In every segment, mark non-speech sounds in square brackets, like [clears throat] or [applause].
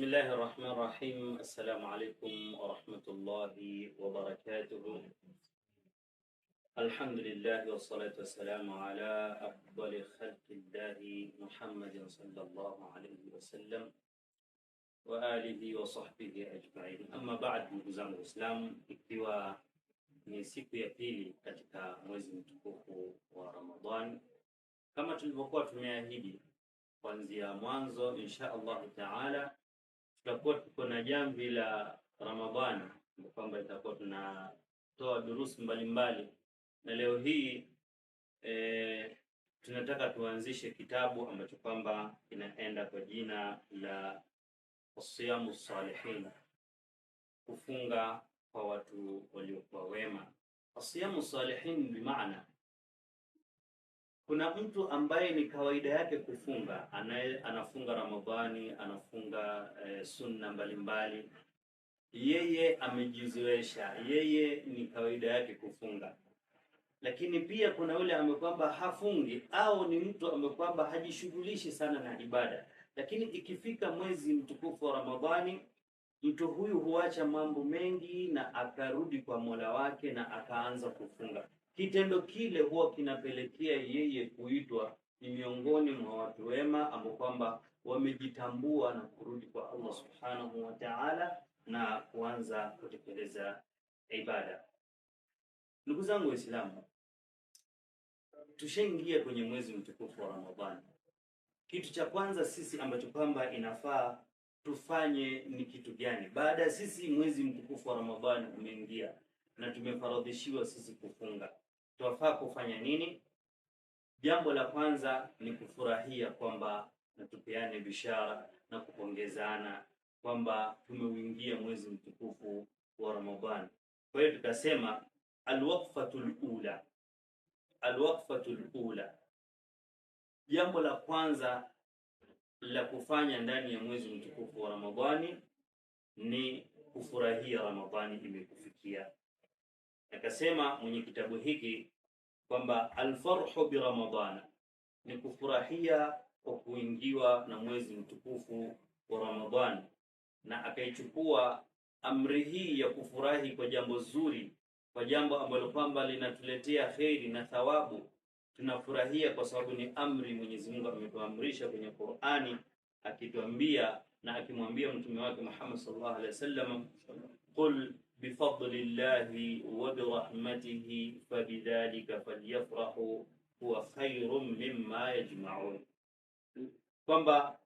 بسم الله الرحمن الرحيم السلام عليكم ورحمة الله وبركاته الحمد لله والصلاة والسلام على أفضل خلق الله محمد صلى الله عليه وسلم وآله وصحبه أجمعين أما بعد ndugu الإسلام اكتوى من سيكو siku كتك موزن katika mwezi mtukufu wa Ramadhani kama tulivyokuwa tumeahidi kuanzia mwanzo insha tutakuwa tuko na jamvi la Ramadhani kwamba itakuwa tunatoa durusi mbalimbali, na leo hii e, tunataka tuanzishe kitabu ambacho kwamba kinaenda kwa jina la Siyamu Salihin, kufunga kwa watu waliokuwa wema. Asiyamu Salihin bimaana kuna mtu ambaye ni kawaida yake kufunga, anaye anafunga Ramadhani, anafunga e, sunna mbalimbali, yeye amejizoesha, yeye ni kawaida yake kufunga. Lakini pia kuna yule amekwamba hafungi au ni mtu amekwamba hajishughulishi sana na ibada, lakini ikifika mwezi mtukufu wa Ramadhani mtu huyu huacha mambo mengi na akarudi kwa Mola wake na akaanza kufunga. Kitendo kile huwa kinapelekea yeye kuitwa ni miongoni mwa watu wema ambao kwamba wamejitambua na kurudi kwa Allah subhanahu wa ta'ala na kuanza kutekeleza ibada. Ndugu zangu Waislamu, tushaingia kwenye mwezi mtukufu wa Ramadhani. Kitu cha kwanza sisi ambacho kwamba inafaa tufanye ni kitu gani? Baada ya sisi mwezi mtukufu wa Ramadhani umeingia na tumefaradhishiwa sisi kufunga tunafaa kufanya nini? Jambo la kwanza ni kufurahia kwamba natupeane bishara na kupongezana kwamba tumeuingia mwezi mtukufu wa Ramadhani. Kwa hiyo tutasema alwaqfatul ula, alwaqfatul ula, jambo la kwanza la kufanya ndani ya mwezi mtukufu wa Ramadhani ni kufurahia Ramadhani imekufikia. Akasema mwenye kitabu hiki kwamba alfarhu bi ni kufurahia kwa kuingiwa na mwezi mtukufu wa Ramadhani, na akaichukua amri hii ya kufurahi kwa jambo zuri, kwa jambo ambalo kwamba linatuletea kheri na thawabu. Tunafurahia kwa sababu ni amri Mwenyezi Mungu ametuamrisha kwenye Qur'ani, akituambia na akimwambia mtume wake Muhammad sallallahu alaihi wasallam qul بفضل الله وبرحمته فبذلك فليفrahu huwa خير مما يجمعون kwamba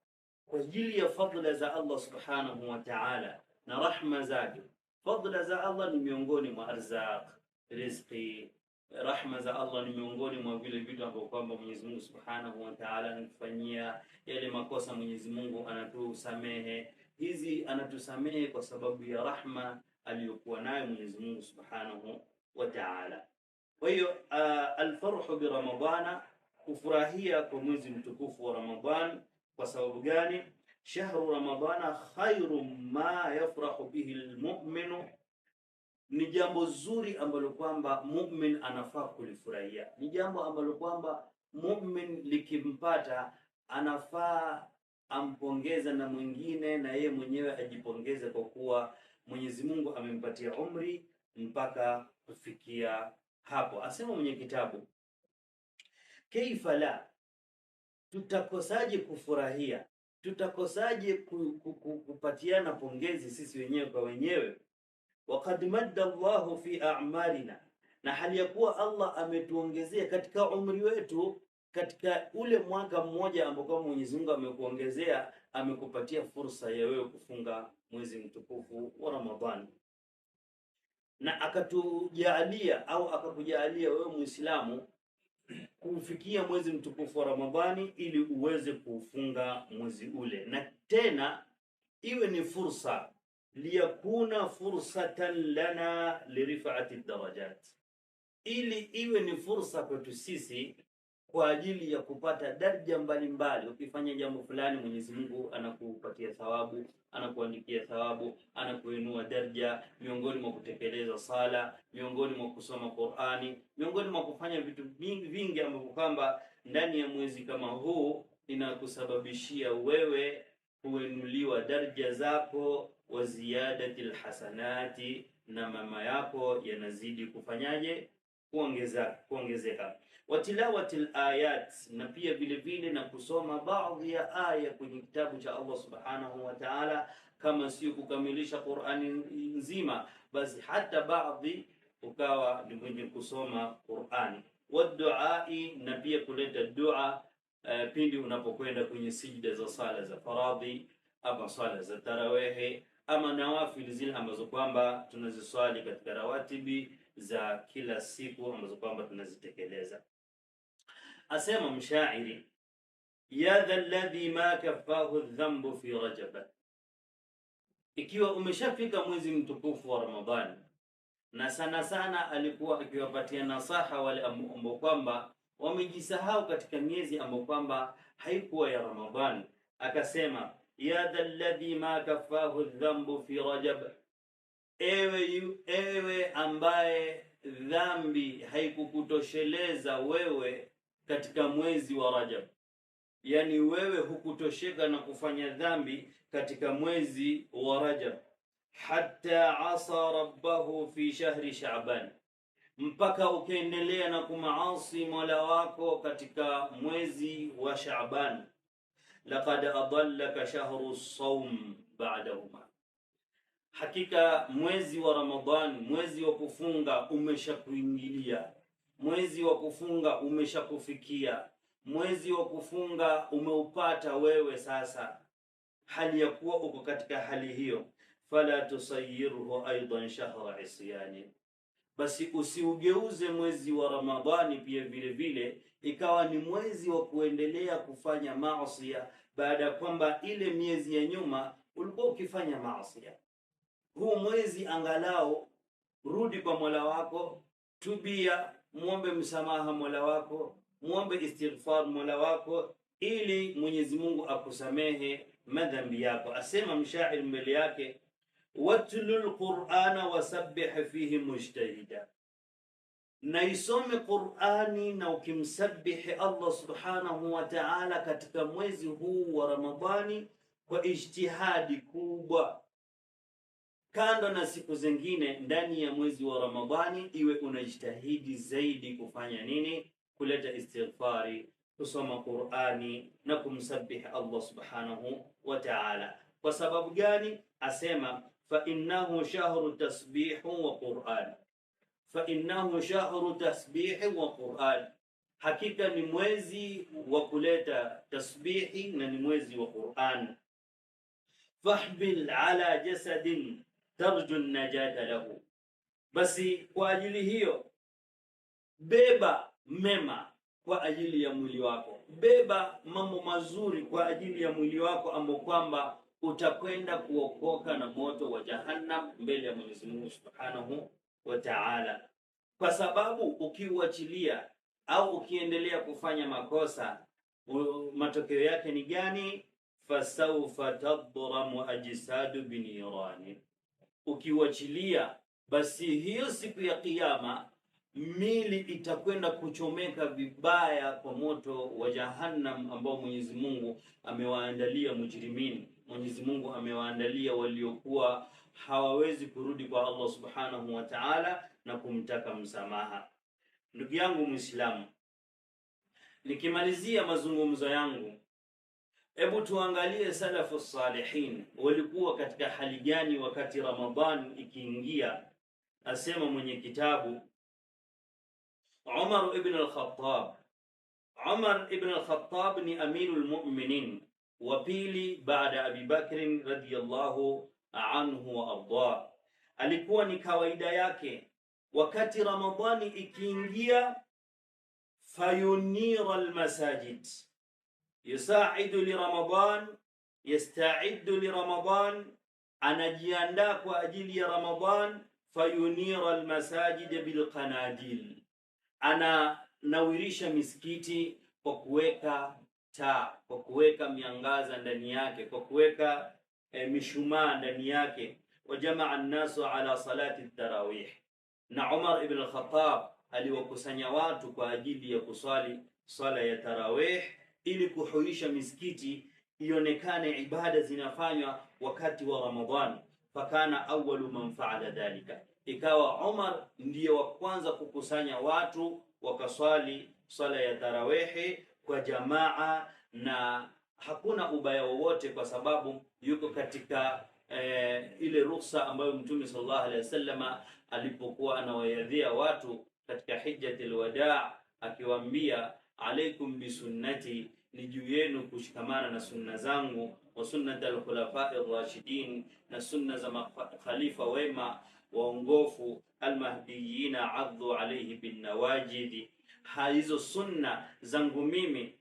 kwa يا ya fadla za Allah subhanahu نرحم ta'ala na rahma zake. Fadla za Allah ni miongoni mwa arzaq, rizqi. Rahma za Allah ni miongoni mwa vile vitu ambavyo kwamba Mwenyezi Mungu subhanahu wa ta'ala anatufanyia. Yale makosa Mwenyezi Mungu anatusamehe, hizi anatusamehe kwa sababu ya rahma aliyokuwa nayo Mwenyezi Mungu Subhanahu wa Ta'ala. Kwa hiyo uh, alfarhu bi Ramadhana, kufurahia kwa mwezi mtukufu wa Ramadhan. Kwa sababu gani? shahru Ramadhana khairu ma yafrahu bihi almu'minu, ni jambo zuri ambalo kwamba mu'min anafaa kulifurahia, ni jambo ambalo kwamba mu'min likimpata anafaa ampongeza na mwingine na yeye mwenyewe ajipongeze kwa kuwa Mwenyezi Mungu amempatia umri mpaka kufikia hapo. Asema mwenye kitabu, kaifa la, tutakosaje kufurahia, tutakosaje kupatiana pongezi sisi wenyewe kwa wenyewe. Wakad madda Allahu fi a'malina, na hali ya kuwa Allah ametuongezea katika umri wetu, katika ule mwaka mmoja ambao Mwenyezi Mungu amekuongezea amekupatia fursa ya wewe kufunga mwezi mtukufu wa Ramadhani na akatujaalia au akakujaalia wewe Muislamu [clears throat] kuufikia mwezi mtukufu wa Ramadhani ili uweze kuufunga mwezi ule, na tena iwe ni fursa liyakuna fursatan lana lirifati darajat, ili iwe ni fursa kwetu sisi kwa ajili ya kupata daraja mbalimbali. Ukifanya jambo fulani, Mwenyezi Mungu anakupatia thawabu, anakuandikia thawabu, anakuinua daraja, miongoni mwa kutekeleza sala, miongoni mwa kusoma Qur'ani, miongoni mwa kufanya vitu vingi ambavyo kwamba ndani ya mwezi kama huu inakusababishia wewe kuinuliwa daraja zako wa ziyadati na mama yako yanazidi kufanyaje kuongeza kuongezeka. tilawati alayat, na pia vile vile na kusoma baadhi ya aya kwenye kitabu cha Allah subhanahu wa ta'ala, kama sio kukamilisha Qur'ani nzima, basi hata baadhi ukawa ni mwenye kusoma Qur'ani. Waduai, na pia kuleta dua uh, pindi unapokwenda kwenye sijda za sala za faradhi ama sala za tarawehe ama nawafili zile ambazo kwamba tunaziswali katika rawatibi za kila siku ambazo kwamba tunazitekeleza. Asema mshairi, ya dha alladhi ma kaffahu dhambu fi rajaba, ikiwa umeshafika mwezi mtukufu wa Ramadhani, na sana sana alikuwa akiwapatia nasaha wale ambao kwamba wamejisahau katika miezi ambayo kwamba haikuwa ya Ramadhani, akasema ya dha alladhi ma kaffahu dhambu fi rajaba Ewe yu, ewe ambaye dhambi haikukutosheleza wewe katika mwezi wa Rajab, yaani wewe hukutosheka na kufanya dhambi katika mwezi wa Rajab, hatta asa rabbahu fi shahri Shaaban, mpaka ukaendelea na kumaasi mola wako katika mwezi wa Shaaban. Laqad adallaka shahru sawm ba'dahuma Hakika mwezi wa Ramadhani, mwezi wa kufunga umeshakuingilia, mwezi wa kufunga umeshakufikia, mwezi wa kufunga umeupata wewe sasa, hali ya kuwa uko katika hali hiyo. Fala tusayirhu aidan shahra isyani, basi usiugeuze mwezi wa Ramadhani pia vile vile ikawa ni mwezi wa kuendelea kufanya maasi, baada ya kwamba ile miezi ya nyuma ulikuwa ukifanya maasi huu mwezi angalau rudi kwa Mola wako, tubia, muombe msamaha Mola wako, muombe istighfar Mola wako, ili Mwenyezi Mungu akusamehe madhambi yako. Asema mshairi mbele yake, watlul qur'ana wasabbih fihi mujtahida, naisome Qur'ani na ukimsabihi Allah subhanahu wa ta'ala katika mwezi huu wa Ramadhani kwa ijtihadi kubwa kando na siku zingine ndani ya mwezi wa Ramadhani, iwe unajitahidi zaidi kufanya nini? Kuleta istighfari, kusoma Qur'ani na kumsabihi Allah subhanahu wa ta'ala. Kwa sababu gani? Asema fa innahu shahru tasbihu wa Qur'an, fa innahu shahru tasbihi wa Qurani, hakika ni mwezi wa kuleta tasbihi na ni mwezi wa qurani fahbil ala jasadin tarju najata lahu, basi kwa ajili hiyo beba mema kwa ajili ya mwili wako, beba mambo mazuri kwa ajili ya mwili wako, ambao kwamba utakwenda kuokoka na moto wa jahannam mbele ya Mwenyezi Mungu Subhanahu wa Ta'ala, kwa sababu ukiuachilia au ukiendelea kufanya makosa, matokeo yake ni gani? fasawfa tadramu ajsadu biniranin ukiuachilia, basi hiyo siku ya Kiyama mili itakwenda kuchomeka vibaya kwa moto wa Jahannam ambao Mwenyezi Mungu amewaandalia mujrimini. Mwenyezi Mungu amewaandalia waliokuwa hawawezi kurudi kwa Allah Subhanahu wa Ta'ala na kumtaka msamaha. Ndugu yangu Muislamu, nikimalizia mazungumzo yangu Hebu tuangalie salafu salihin walikuwa katika hali gani wakati ramadan ikiingia. Asema mwenye kitabu Umar ibn al-Khattab. Umar ibn al-Khattab ni amiru lmuminin wa pili baada abibakrin Abi Bakr radhiyallahu anhu wa arda. Alikuwa ni kawaida yake wakati ramadani ikiingia, fayunira almasajid yusaidu liramadan, yastaidu liramadan, anajiandaa kwa ajili ya Ramadan. Fayunira almasajida bilqanadil, ananawirisha misikiti kwa kuweka taa, kwa kuweka miangaza ndani yake, kwa kuweka e, mishumaa ndani yake. Wajamaa annasu ala salati tarawih, na Umar ibn al aliwakusanya watu kwa ajili ya kuswali swala ya tarawih ili kuhuisha misikiti ionekane ibada zinafanywa wakati wa Ramadhani. Fakana awwalu man faala dhalika, ikawa Umar ndiyo wa kwanza kukusanya watu wakaswali swala ya tarawehi kwa jamaa, na hakuna ubaya wowote, kwa sababu yuko katika e, ile ruhusa ambayo Mtume sallallahu alaihi wasallam alipokuwa anawaadhia watu katika hijjatul wadaa akiwaambia, alaikum bisunnati ni juu yenu kushikamana na sunna zangu wa sunnata alkhulafai rashidin, na sunna za makhalifa wema waongofu almahdiyina, adhu alaihi binawajidi Hizo sunna zangu mimi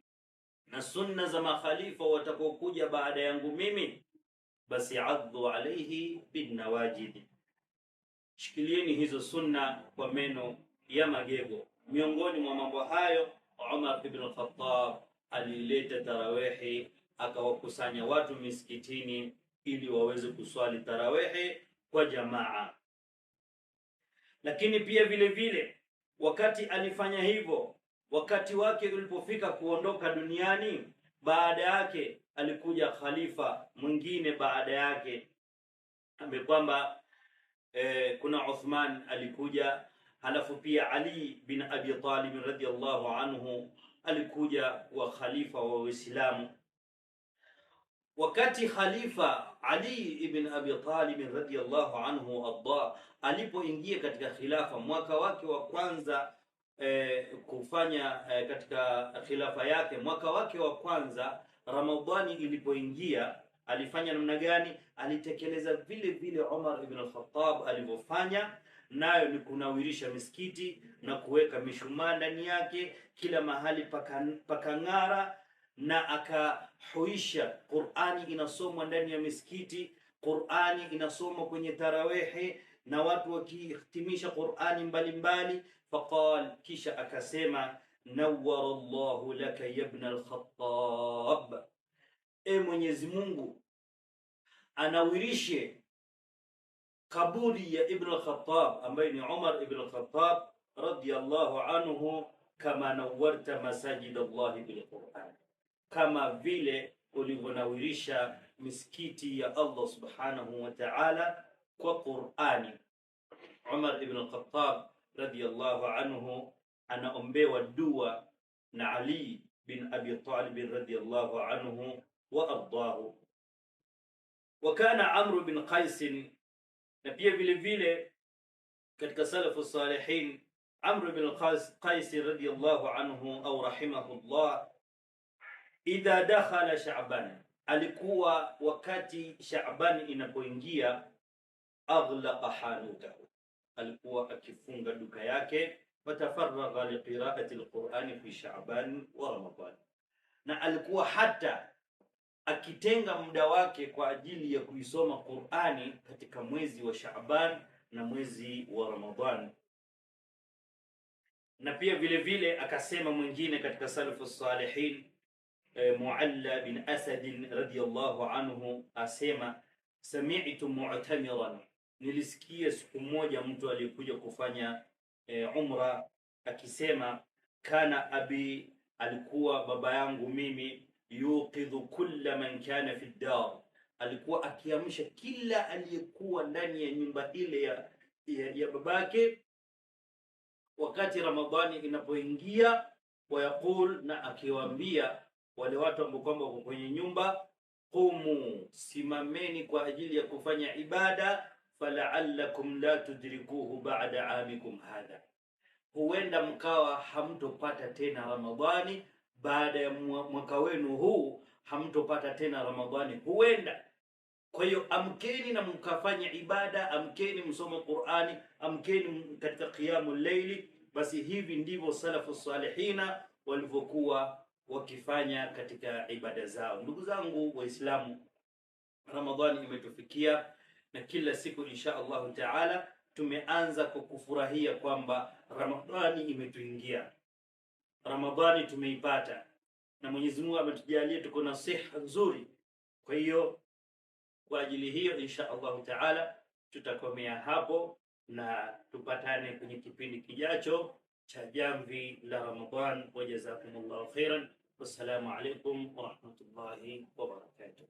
na sunna za makhalifa watakokuja baada yangu mimi, basi addu alaihi binawajidi shikilieni hizo sunna kwa meno ya magego. Miongoni mwa mambo hayo Umar ibn Khattab alileta tarawehi akawakusanya watu misikitini ili waweze kuswali tarawehi kwa jamaa. Lakini pia vile vile wakati alifanya hivyo, wakati wake ulipofika kuondoka duniani, baada yake alikuja khalifa mwingine baada yake ambaye kwamba eh, kuna Uthman alikuja, halafu pia Ali bin Abi Talib radhiyallahu anhu alikuja wa khalifa wa Uislamu. Wakati khalifa Ali ibn Abi Talib radhiyallahu anhu warda alipoingia katika khilafa mwaka wake wa kwanza e, kufanya e, katika khilafa yake mwaka wake wa kwanza Ramadhani ilipoingia alifanya namna gani? Alitekeleza vile vile Umar ibn al-Khattab alivyofanya nayo ni kunawirisha misikiti na kuweka mishumaa ndani yake, kila mahali pakang'ara, na akahuisha. Qur'ani inasomwa ndani ya misikiti, Qur'ani inasomwa kwenye tarawehe na watu wakihitimisha Qur'ani mbalimbali. Faqal, kisha akasema nawara llahu laka yabna al-Khattab, e Mwenyezi Mungu anawirishe قبولي ابن الخطاب أمين عمر ابن الخطاب رضي الله عنه kama nawarta masajid Allahi bilquran, kama vile ulivyonawirisha misikiti ya Allah subhanahu wa ta'ala kwa Qurani. Umar ibn al-Khattab radiyallahu anhu anaombewa dua na Ali bin Abi Talib radiyallahu anhu wa ardahu. وكان عمرو بن قيس na pia vile vile katika salafu salihin Amr bin al-Qais radiyallahu anhu au rahimahullah, idha dakhala Sha'ban, alikuwa wakati Sha'ban inapoingia, aghlaqa hanutahu, alikuwa akifunga duka yake, watafaragha liqira'ati al-Qur'ani fi Sha'ban wa Ramadan, na alikuwa hata akitenga muda wake kwa ajili ya kuisoma Qur'ani katika mwezi wa Shaaban na mwezi wa Ramadhan. Na pia vile vile akasema mwingine katika salafu salihin e, eh, Mualla bin Asad radhiyallahu anhu asema sami'tu mu'tamiran, nilisikia siku moja mtu aliyekuja kufanya e, umra akisema kana abi, alikuwa baba yangu mimi yuqidhu kulla man kana fi dar, alikuwa akiamsha kila aliyekuwa ndani ya nyumba ile ya, ya, ya babake wakati Ramadhani inapoingia, wayaqul, na akiwaambia wale watu ambao kwamba wako kwenye nyumba, qumu, simameni kwa ajili ya kufanya ibada, falaallakum la tudrikuhu ba'da amikum hadha, huenda mkawa hamtopata tena Ramadhani baada ya mwaka wenu huu hamtopata tena Ramadhani, huenda. Kwa hiyo amkeni na mkafanya ibada, amkeni msome Qur'ani, amkeni katika qiyamu laili. Basi hivi ndivyo salafu salihina walivyokuwa wakifanya katika ibada zao. Ndugu zangu Waislamu, Ramadhani imetufikia na kila siku insha Allahu taala tumeanza kwa kufurahia kwamba Ramadhani imetuingia. Ramadhani tumeipata na Mwenyezi Mungu ametujalia tuko na siha nzuri. Kwa hiyo kwa ajili hiyo, insha Allahu taala tutakomea hapo na tupatane kwenye kipindi kijacho cha jamvi la Ramadhan. Wajazakumullahu khairan, wassalamu alaikum warahmatullahi wabarakatuh.